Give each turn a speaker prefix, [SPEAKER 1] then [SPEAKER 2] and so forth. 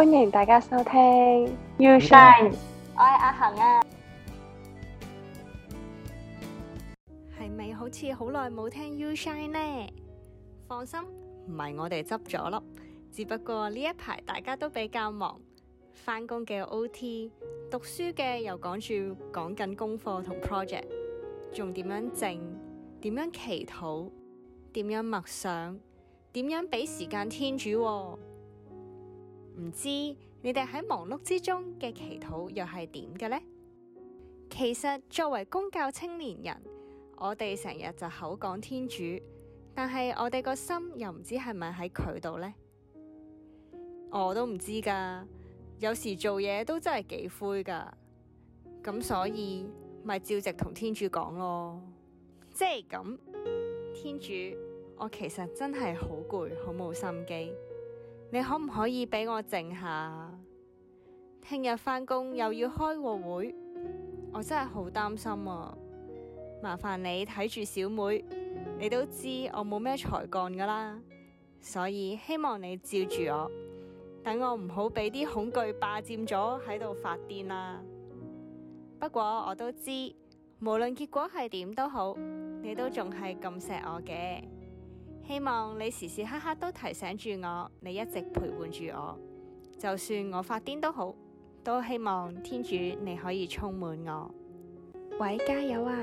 [SPEAKER 1] 歡迎大家收聽 You Shine，我係阿恒啊。係咪好似好耐冇聽 You Shine 呢？放心，唔係我哋執咗粒，只不過呢一排大家都比較忙，翻工嘅 OT，讀書嘅又講住講緊功課同 project，仲點樣靜？點樣祈禱？點樣默想？點樣俾時間天主喎？唔知你哋喺忙碌之中嘅祈禱又係點嘅呢？其實作為公教青年人，我哋成日就口講天主，但係我哋個心又唔知係咪喺佢度呢？我都唔知噶。有時做嘢都真係幾灰噶，咁所以咪照直同天主講咯。即係咁，天主，我其實真係好攰，好冇心機。你可唔可以俾我靜下？聽日返工又要開個會，我真係好擔心啊！麻煩你睇住小妹，你都知我冇咩才幹噶啦，所以希望你照住我，等我唔好俾啲恐懼霸佔咗喺度發癲啦。不過我都知，無論結果係點都好，你都仲係咁錫我嘅。希望你時時刻刻都提醒住我，你一直陪伴住我，就算我發癲都好，都希望天主你可以充滿我。喂，加油啊！